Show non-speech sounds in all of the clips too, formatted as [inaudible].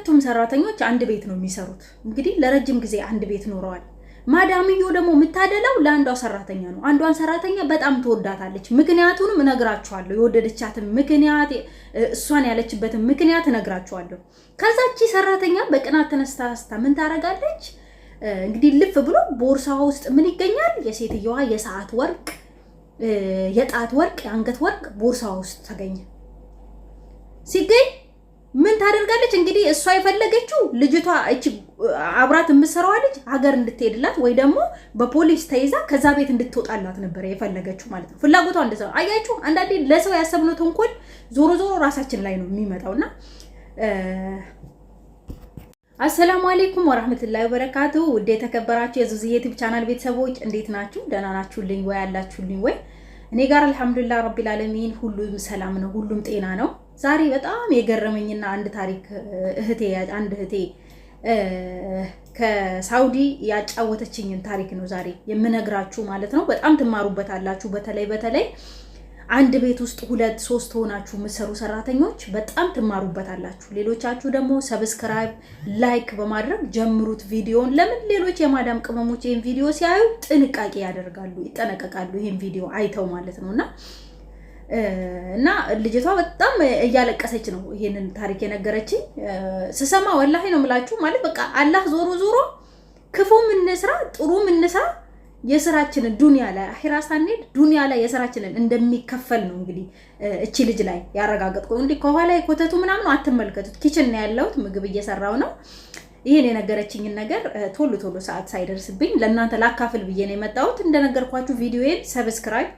ሁለቱም ሰራተኞች አንድ ቤት ነው የሚሰሩት። እንግዲህ ለረጅም ጊዜ አንድ ቤት ኖረዋል። ማዳምዮ ደግሞ የምታደላው ለአንዷ ሰራተኛ ነው። አንዷን ሰራተኛ በጣም ትወዳታለች። ምክንያቱንም እነግራችኋለሁ። የወደደቻትን ምክንያት፣ እሷን ያለችበትን ምክንያት እነግራችኋለሁ። ከዛቺ ሰራተኛ በቅናት ተነስታ ስታ ምን ታረጋለች? እንግዲህ ልፍ ብሎ ቦርሳዋ ውስጥ ምን ይገኛል? የሴትየዋ የሰዓት ወርቅ፣ የጣት ወርቅ፣ የአንገት ወርቅ ቦርሳዋ ውስጥ ተገኘ። ሲገኝ ምን ታደርጋለች እንግዲህ እሷ የፈለገችው ልጅቷ እቺ አብራት የምትሰራዋ ልጅ ሀገር እንድትሄድላት ወይ ደግሞ በፖሊስ ተይዛ ከዛ ቤት እንድትወጣላት ነበረ የፈለገችው ማለት ነው። ፍላጎቷ እንደዛ ነው። አያችሁ፣ አንዳንዴ ለሰው ያሰብነው ተንኮል ዞሮ ዞሮ ራሳችን ላይ ነው የሚመጣው እና አሰላሙ አሌይኩም ወራህመቱላሂ ወበረካቱ። ውድ የተከበራችሁ የዙዚ ዩቲዩብ ቻናል ቤተሰቦች እንዴት ናችሁ? ደህና ናችሁልኝ ወይ? ያላችሁልኝ ወይ? እኔ ጋር አልሐምዱሊላህ ረቢል ዓለሚን ሁሉም ሰላም ነው፣ ሁሉም ጤና ነው። ዛሬ በጣም የገረመኝና አንድ ታሪክ እህቴ አንድ እህቴ ከሳውዲ ያጫወተችኝን ታሪክ ነው ዛሬ የምነግራችሁ ማለት ነው። በጣም ትማሩበታላችሁ። በተለይ በተለይ አንድ ቤት ውስጥ ሁለት ሶስት ሆናችሁ የምትሰሩ ሰራተኞች በጣም ትማሩበታላችሁ። ሌሎቻችሁ ደግሞ ሰብስክራይብ፣ ላይክ በማድረግ ጀምሩት ቪዲዮን። ለምን ሌሎች የማዳም ቅመሞች ይህን ቪዲዮ ሲያዩ ጥንቃቄ ያደርጋሉ፣ ይጠነቀቃሉ። ይህን ቪዲዮ አይተው ማለት ነው እና እና ልጅቷ በጣም እያለቀሰች ነው ይሄንን ታሪክ የነገረችኝ ስሰማ፣ ወላሂ ነው የምላችሁ። ማለት በቃ አላህ ዞሮ ዞሮ ክፉ ምንስራ ጥሩ ምንስራ የስራችንን ዱንያ ላይ አኺራ ሳንሄድ ዱንያ ላይ የስራችንን እንደሚከፈል ነው እንግዲህ እቺ ልጅ ላይ ያረጋገጥኩ። እንዲህ ከኋላ ኮተቱ ምናምን አትመልከቱት። ኪችን ያለውት ያለሁት፣ ምግብ እየሰራው ነው። ይህን የነገረችኝን ነገር ቶሎ ቶሎ ሰዓት ሳይደርስብኝ ለእናንተ ላካፍል ብዬ ነው የመጣሁት። እንደነገርኳችሁ ቪዲዮዬን ሰብስክራይብ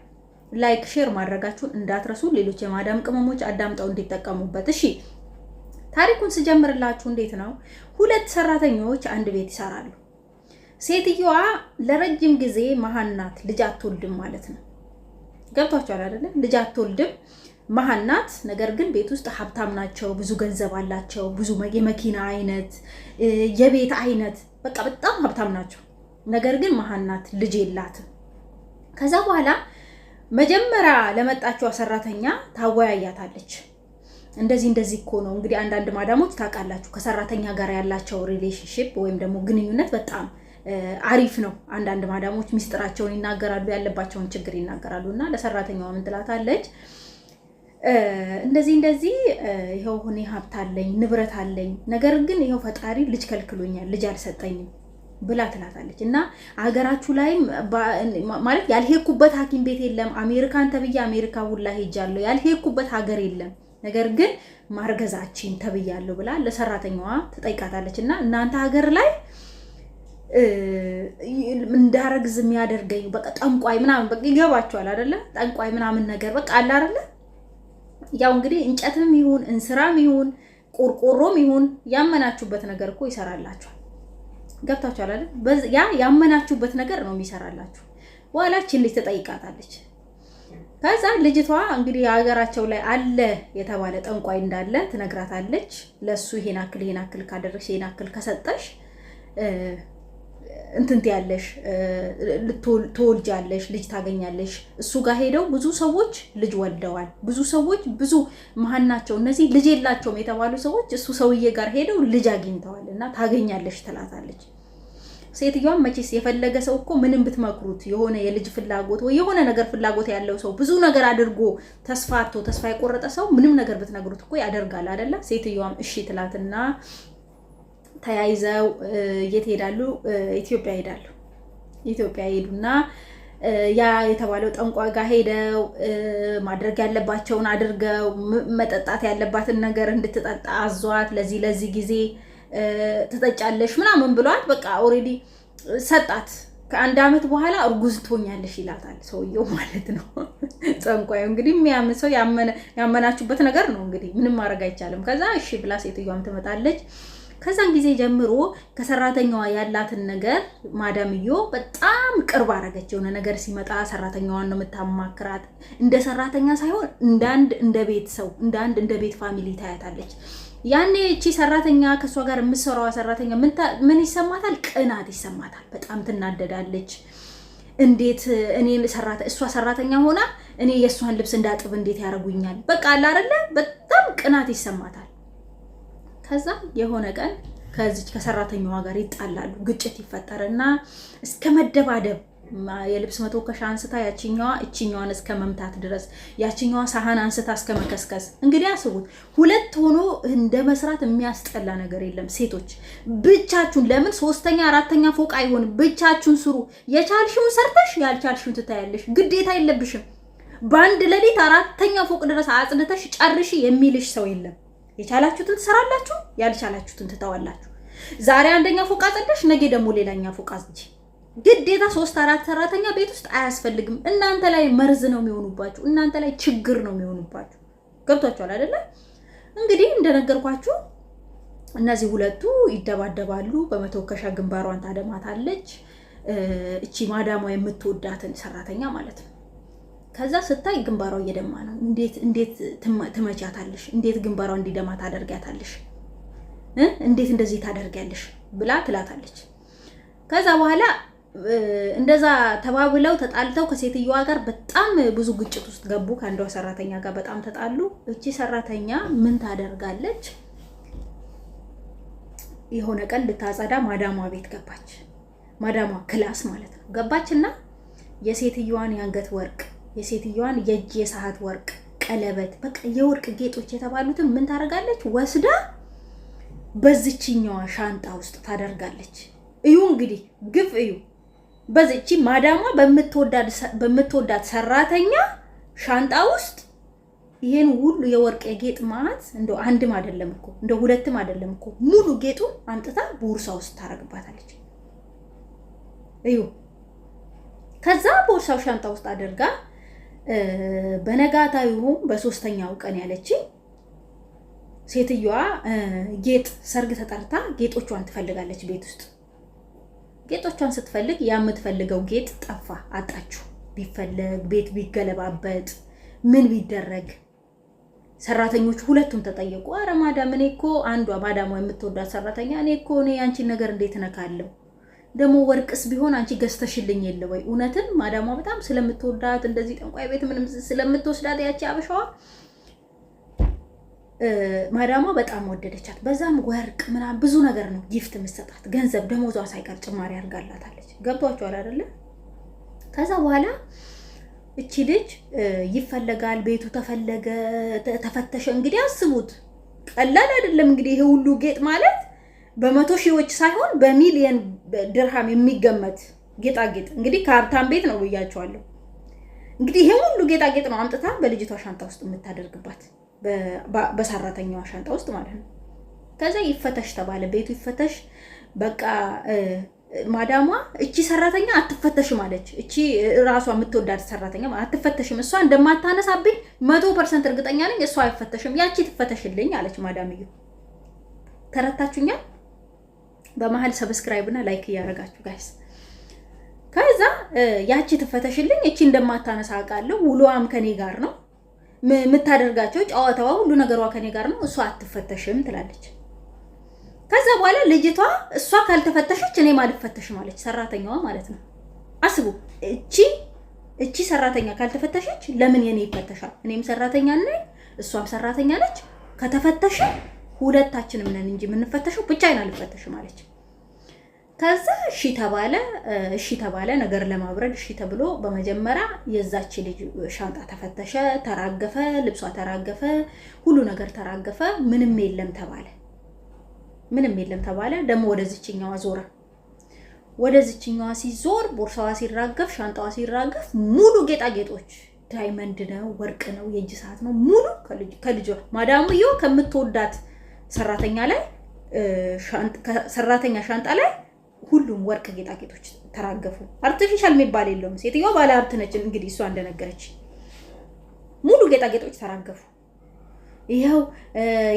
ላይክ፣ ሼር ማድረጋችሁን እንዳትረሱ። ሌሎች የማዳም ቅመሞች አዳምጠው እንዲጠቀሙበት እሺ። ታሪኩን ስጀምርላችሁ እንዴት ነው፣ ሁለት ሰራተኞች አንድ ቤት ይሰራሉ። ሴትየዋ ለረጅም ጊዜ መሀናት ልጅ አትወልድም ማለት ነው። ገብቷቸዋል አይደለ? ልጅ አትወልድም መሀናት። ነገር ግን ቤት ውስጥ ሀብታም ናቸው፣ ብዙ ገንዘብ አላቸው፣ ብዙ የመኪና አይነት የቤት አይነት በቃ በጣም ሀብታም ናቸው። ነገር ግን መሀናት ልጅ የላትም። ከዛ በኋላ መጀመሪያ ለመጣችዋ ሰራተኛ ታወያያታለች። እንደዚህ እንደዚህ እኮ ነው እንግዲህ አንዳንድ ማዳሞች ታውቃላችሁ፣ ከሰራተኛ ጋር ያላቸው ሪሌሽንሽፕ ወይም ደግሞ ግንኙነት በጣም አሪፍ ነው። አንዳንድ ማዳሞች ሚስጥራቸውን ይናገራሉ፣ ያለባቸውን ችግር ይናገራሉ። እና ለሰራተኛዋ ምን ትላታለች? እንደዚህ እንደዚህ ይኸው እኔ ሀብት አለኝ ንብረት አለኝ፣ ነገር ግን ይኸው ፈጣሪ ልጅ ከልክሎኛል፣ ልጅ አልሰጠኝም ብላ ትላታለች። እና አገራችሁ ላይም ማለት ያልሄድኩበት ሐኪም ቤት የለም። አሜሪካን ተብዬ አሜሪካ ሁላ ሄጃለሁ። ያልሄድኩበት ሀገር የለም። ነገር ግን ማርገዛችን ተብያለሁ ብላ ለሰራተኛዋ ትጠይቃታለች። እና እናንተ ሀገር ላይ እንዳረግዝ የሚያደርገኝ በቃ ጠንቋይ ምናምን በቃ ይገባቸዋል አደለ? ጠንቋይ ምናምን ነገር በቃ አለ አደለ? ያው እንግዲህ እንጨትም ይሁን እንስራም ይሁን ቆርቆሮም ይሁን ያመናችሁበት ነገር እኮ ይሰራላችኋል። ገብታችሁ አላለ ያ ያመናችሁበት ነገር ነው የሚሰራላችሁ። ዋላችን ልጅ ትጠይቃታለች። ከዛ ልጅቷ እንግዲህ የሀገራቸው ላይ አለ የተባለ ጠንቋይ እንዳለ ትነግራታለች። ለእሱ ይሄን አክል ይሄን አክል ካደረግሽ ይሄን አክል ከሰጠሽ እንትንት ያለሽ ትወልጃለሽ፣ ልጅ ታገኛለሽ። እሱ ጋር ሄደው ብዙ ሰዎች ልጅ ወልደዋል። ብዙ ሰዎች ብዙ መሀን ናቸው። እነዚህ ልጅ የላቸውም የተባሉ ሰዎች እሱ ሰውዬ ጋር ሄደው ልጅ አግኝተዋል እና ታገኛለሽ ትላታለች። ሴትዮዋም መቼስ የፈለገ ሰው እኮ ምንም ብትመክሩት የሆነ የልጅ ፍላጎት ወይ የሆነ ነገር ፍላጎት ያለው ሰው ብዙ ነገር አድርጎ ተስፋ ተስፋ የቆረጠ ሰው ምንም ነገር ብትነግሩት እኮ ያደርጋል አይደለ? ሴትዮዋም እሺ ትላትና ተያይዘው የት ሄዳሉ? ኢትዮጵያ ሄዳሉ። ኢትዮጵያ ሄዱና ያ የተባለው ጠንቋይ ጋር ሄደው ማድረግ ያለባቸውን አድርገው መጠጣት ያለባትን ነገር እንድትጠጣ አዟት፣ ለዚህ ለዚህ ጊዜ ትጠጫለሽ ምናምን ብሏት፣ በቃ ኦልሬዲ ሰጣት። ከአንድ ዓመት በኋላ እርጉዝ ትሆኛለሽ ይላታል ሰውየው ማለት ነው። [laughs] ጠንቋዩ እንግዲህ የሚያምን ሰው ያመናችሁበት ነገር ነው እንግዲህ ምንም ማድረግ አይቻልም። ከዛ እሺ ብላ ሴትዮዋም ትመጣለች። ከዛን ጊዜ ጀምሮ ከሰራተኛዋ ያላትን ነገር ማዳምዮ በጣም ቅርብ አረገች። የሆነ ነገር ሲመጣ ሰራተኛዋን ነው የምታማክራት። እንደ ሰራተኛ ሳይሆን እንዳንድ እንደ ቤት ሰው እንዳንድ እንደ ቤት ፋሚሊ ታያታለች። ያኔ እቺ ሰራተኛ ከእሷ ጋር የምትሰራዋ ሰራተኛ ምን ይሰማታል? ቅናት ይሰማታል። በጣም ትናደዳለች። እንዴት እኔን እሷ ሰራተኛ ሆና እኔ የእሷን ልብስ እንዳጥብ እንዴት ያደርጉኛል? በቃ አላረለ በጣም ቅናት ይሰማታል። ከዛ የሆነ ቀን ከዚች ከሰራተኛዋ ጋር ይጣላሉ። ግጭት ይፈጠርና እስከ መደባደብ የልብስ መተኮሻ አንስታ ያችኛዋ እችኛዋን እስከ መምታት ድረስ ያችኛዋ ሳህን አንስታ እስከ መከስከስ። እንግዲህ አስቡት፣ ሁለት ሆኖ እንደ መስራት የሚያስጠላ ነገር የለም። ሴቶች ብቻችሁን ለምን ሶስተኛ አራተኛ ፎቅ አይሆንም? ብቻችሁን ስሩ። የቻልሽውን ሰርተሽ ያልቻልሽውን ትታያለሽ። ግዴታ የለብሽም። በአንድ ሌሊት አራተኛ ፎቅ ድረስ አጽንተሽ ጨርሽ የሚልሽ ሰው የለም። የቻላችሁትን ትሰራላችሁ፣ ያልቻላችሁትን ትተዋላችሁ። ዛሬ አንደኛ ፎቅ አጸደሽ፣ ነገ ደግሞ ሌላኛ ፎቅ አጽጂ። ግዴታ ሶስት አራት ሰራተኛ ቤት ውስጥ አያስፈልግም። እናንተ ላይ መርዝ ነው የሚሆኑባችሁ፣ እናንተ ላይ ችግር ነው የሚሆኑባችሁ። ገብቷችኋል አይደለም? እንግዲህ እንደነገርኳችሁ እነዚህ ሁለቱ ይደባደባሉ። በመተወከሻ ግንባሯን ታደማታለች። እቺ ማዳሟ የምትወዳትን ሰራተኛ ማለት ነው። ከዛ ስታይ ግንባሯ እየደማ ነው። እንዴት እንዴት ትመቻታለሽ? እንዴት ግንባሯ እንዲደማ ታደርጋታለሽ? እንዴት እንደዚህ ታደርጋለሽ ብላ ትላታለች። ከዛ በኋላ እንደዛ ተባብለው ተጣልተው ከሴትዮዋ ጋር በጣም ብዙ ግጭት ውስጥ ገቡ። ከአንዷ ሰራተኛ ጋር በጣም ተጣሉ። እቺ ሰራተኛ ምን ታደርጋለች? የሆነ ቀን ልታጸዳ ማዳሟ ቤት ገባች። ማዳሟ ክላስ ማለት ነው ገባችና የሴትዮዋን የአንገት ወርቅ የሴትዮዋን የእጅ የሰዓት ወርቅ፣ ቀለበት፣ በቃ የወርቅ ጌጦች የተባሉትን ምን ታደርጋለች? ወስዳ በዝችኛዋ ሻንጣ ውስጥ ታደርጋለች። እዩ እንግዲህ ግፍ እዩ። በዝቺ ማዳሟ በምትወዳት ሰራተኛ ሻንጣ ውስጥ ይሄን ሁሉ የወርቅ የጌጥ ማለት እንደ አንድም አይደለም እኮ እንደ ሁለትም አይደለም እኮ ሙሉ ጌጡ አምጥታ ቦርሳ ውስጥ ታደርግባታለች። እዩ ከዛ ቦርሳው ሻንጣ ውስጥ አድርጋ በነጋታዊውም በሶስተኛው ቀን ያለች ሴትዮዋ ጌጥ ሰርግ ተጠርታ ጌጦቿን ትፈልጋለች። ቤት ውስጥ ጌጦቿን ስትፈልግ የምትፈልገው ጌጥ ጠፋ፣ አጣችሁ። ቢፈለግ ቤት ቢገለባበጥ ምን ቢደረግ፣ ሰራተኞቹ ሁለቱም ተጠየቁ። አረ ማዳም እኔ እኮ አንዷ ማዳሟ የምትወዳት ሰራተኛ እኔ እኮ እኔ ያንቺን ነገር እንዴት ነካለው? ደግሞ ወርቅስ ቢሆን አንቺ ገዝተሽልኝ የለ ወይ? እውነትን ማዳሟ በጣም ስለምትወዳት እንደዚህ ጠንቋይ ቤት ምንም ስለምትወስዳት ያቺ አበሻዋ ማዳሟ በጣም ወደደቻት። በዛም ወርቅ ምናምን ብዙ ነገር ነው ጊፍት የምትሰጣት ገንዘብ ደሞዟ ሳይቀር ጭማሪ አድርጋላታለች። ገብቷቸዋል አይደለ? ከዛ በኋላ እቺ ልጅ ይፈለጋል፣ ቤቱ ተፈለገ፣ ተፈተሸ። እንግዲህ አስቡት፣ ቀላል አይደለም እንግዲህ ይሄ ሁሉ ጌጥ ማለት በመቶ ሺዎች ሳይሆን በሚሊየን ድርሃም የሚገመት ጌጣጌጥ እንግዲህ ከሀብታም ቤት ነው ብያቸዋለሁ። እንግዲህ ይሄ ሁሉ ጌጣጌጥ ነው አምጥታ በልጅቷ ሻንጣ ውስጥ የምታደርግባት በሰራተኛዋ ሻንጣ ውስጥ ማለት ነው። ከዛ ይፈተሽ ተባለ፣ ቤቱ ይፈተሽ። በቃ ማዳሟ እቺ ሰራተኛ አትፈተሽም አለች። እቺ ራሷ የምትወዳድ ሰራተኛ አትፈተሽም፣ እሷ እንደማታነሳብኝ መቶ ፐርሰንት እርግጠኛ ነኝ፣ እሷ አይፈተሽም፣ ያቺ ትፈተሽልኝ አለች ማዳምዬ። ተረታችሁኛል? በመሀል ሰብስክራይብ እና ላይክ እያደረጋችሁ ጋይስ። ከዛ ያቺ ትፈተሽልኝ። እቺ እንደማታነሳ አውቃለሁ። ውሎዋም ከኔ ጋር ነው የምታደርጋቸው ጨዋታዋ፣ ሁሉ ነገሯ ከኔ ጋር ነው። እሷ አትፈተሽም ትላለች። ከዛ በኋላ ልጅቷ እሷ ካልተፈተሸች እኔም አልፈተሽም አለች። ሰራተኛዋ ማለት ነው። አስቡ እቺ እቺ ሰራተኛ ካልተፈተሸች ለምን የኔ ይፈተሻል? እኔም ሰራተኛ ነኝ፣ እሷም ሰራተኛ ነች። ከተፈተሸ ሁለታችንም ነን እንጂ የምንፈተሸው ብቻዬን አልፈተሽም አለች። ከዛ እሺ ተባለ። እሺ ተባለ ነገር ለማብረድ እሺ ተብሎ በመጀመሪያ የዛች ልጅ ሻንጣ ተፈተሸ፣ ተራገፈ፣ ልብሷ ተራገፈ፣ ሁሉ ነገር ተራገፈ። ምንም የለም ተባለ። ምንም የለም ተባለ። ደግሞ ወደ ዞረ። ወደ ሲዞር ቦርሳዋ ሲራገፍ፣ ሻንጣዋ ሲራገፍ፣ ሙሉ ጌጣጌጦች ዳይመንድ ነው፣ ወርቅ ነው፣ የእጅ ሰዓት ነው፣ ሙሉ ከልጇ ማዳሙዮ ከምትወዳት ሰራተኛ ላይ ሰራተኛ ሻንጣ ላይ ሁሉም ወርቅ ጌጣጌጦች ተራገፉ። አርቲፊሻል የሚባል የለውም። ሴትዮዋ ባለ ሀብት ነች። እንግዲህ እሷ እንደነገረች ሙሉ ጌጣጌጦች ተራገፉ። ይኸው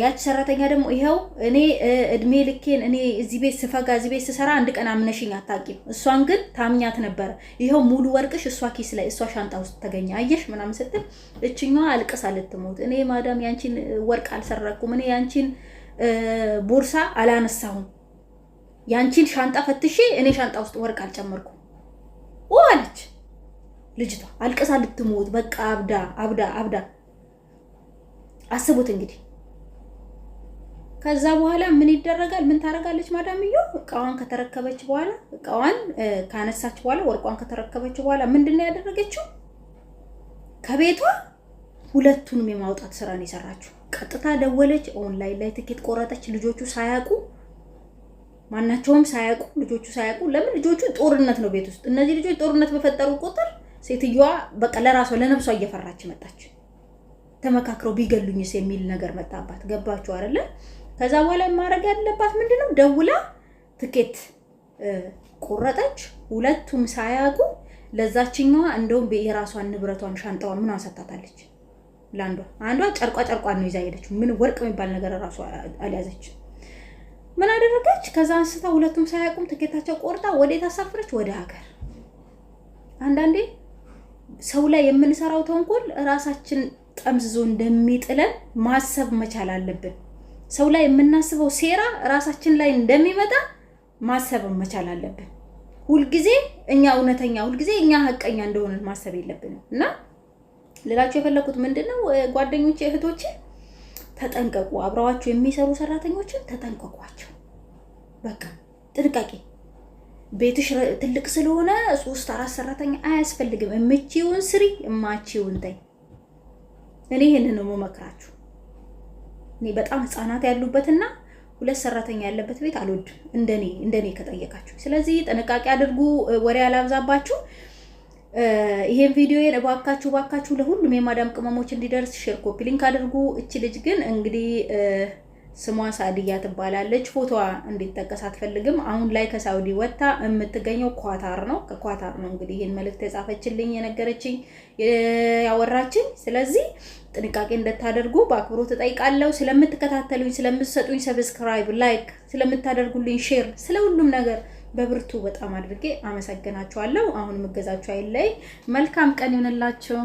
ያች ሰራተኛ ደግሞ ይኸው እኔ እድሜ ልኬን እኔ እዚህ ቤት ስፈጋ እዚህ ቤት ስሰራ አንድ ቀን አምነሽኝ አታውቂም። እሷን ግን ታምኛት ነበረ። ይኸው ሙሉ ወርቅሽ እሷ ኪስ ላይ እሷ ሻንጣ ውስጥ ተገኘ አየሽ ምናምን ስትል እችኛዋ አልቅሳ ልትሞት እኔ ማዳም ያንቺን ወርቅ አልሰረኩም እኔ ያንቺን ቦርሳ አላነሳሁም። ያንቺን ሻንጣ ፈትሼ እኔ ሻንጣ ውስጥ ወርቅ አልጨመርኩም አለች ልጅቷ አልቀሳ ልትሞት በቃ አብዳ አብዳ አብዳ። አስቡት እንግዲህ። ከዛ በኋላ ምን ይደረጋል? ምን ታደርጋለች? ማዳምዮ እቃዋን ከተረከበች በኋላ እቃዋን ካነሳች በኋላ ወርቋን ከተረከበች በኋላ ምንድን ነው ያደረገችው? ከቤቷ ሁለቱንም የማውጣት ስራ ነው የሰራችው። ቀጥታ ደወለች፣ ኦንላይን ላይ ትኬት ቆረጠች። ልጆቹ ሳያውቁ ማናቸውም ሳያውቁ ልጆቹ ሳያውቁ ለምን ልጆቹ ጦርነት ነው ቤት ውስጥ። እነዚህ ልጆች ጦርነት በፈጠሩ ቁጥር ሴትዮዋ በቃ ለራሷ ለነብሷ እየፈራች መጣች። ተመካክረው ቢገሉኝስ የሚል ነገር መጣባት። ገባችሁ አይደለ? ከዛ በኋላ ማድረግ ያለባት ምንድነው? ደውላ ትኬት ቆረጠች። ሁለቱም ሳያውቁ ለዛችኛዋ እንደውም የራሷን ንብረቷን ሻንጣዋን ምን አሰጣታለች። ለአንዷ አንዷ ጨርቋ ጨርቋ ነው ይዛ ሄደች። ምን ወርቅ የሚባል ነገር ራሱ አልያዘች። ምን አደረገች? ከዛ አንስታ ሁለቱም ሳያውቁም ትኬታቸው ቆርጣ ወዴት አሳፍረች? ወደ ሀገር። አንዳንዴ ሰው ላይ የምንሰራው ተንኮል ራሳችን ጠምዝዞ እንደሚጥለን ማሰብ መቻል አለብን። ሰው ላይ የምናስበው ሴራ ራሳችን ላይ እንደሚመጣ ማሰብ መቻል አለብን። ሁልጊዜ እኛ እውነተኛ፣ ሁልጊዜ እኛ ሀቀኛ እንደሆነ ማሰብ የለብንም እና ልላችሁ የፈለኩት ምንድን ነው እህቶች ተጠንቀቁ። አብረዋችሁ የሚሰሩ ሰራተኞችን ተጠንቀቋቸው። በቃ ጥንቃቄ። ቤትሽ ትልቅ ስለሆነ ሶስት አራት ሰራተኛ አያስፈልግም። የምችውን ስሪ፣ የማችውን ተይ። እኔ ይህን ነው መመክራችሁ። እኔ በጣም ህፃናት ያሉበትና ሁለት ሰራተኛ ያለበት ቤት አልወድም፣ እንደኔ እንደኔ ከጠየቃችሁ። ስለዚህ ጥንቃቄ አድርጉ። ወሬ አላብዛባችሁ። ይሄን ቪዲዮ እባካችሁ እባካችሁ ለሁሉም የማዳም ቅመሞች እንዲደርስ ሼር፣ ኮፒ ሊንክ አድርጉ። እቺ ልጅ ግን እንግዲህ ስሟ ሳድያ ትባላለች። ፎቶዋ እንዲጠቀስ አትፈልግም። አሁን ላይ ከሳውዲ ወጥታ የምትገኘው ኳታር ነው። ከኳታር ነው እንግዲህ ይህን መልእክት የጻፈችልኝ የነገረችኝ ያወራችኝ። ስለዚህ ጥንቃቄ እንደታደርጉ በአክብሮ እጠይቃለሁ። ስለምትከታተሉኝ፣ ስለምትሰጡኝ ሰብስክራይብ፣ ላይክ ስለምታደርጉልኝ፣ ሼር ስለ ሁሉም ነገር በብርቱ በጣም አድርጌ አመሰግናችኋለሁ። አሁን ምገዛችሁ አይለይ። መልካም ቀን ይሆንላችሁ።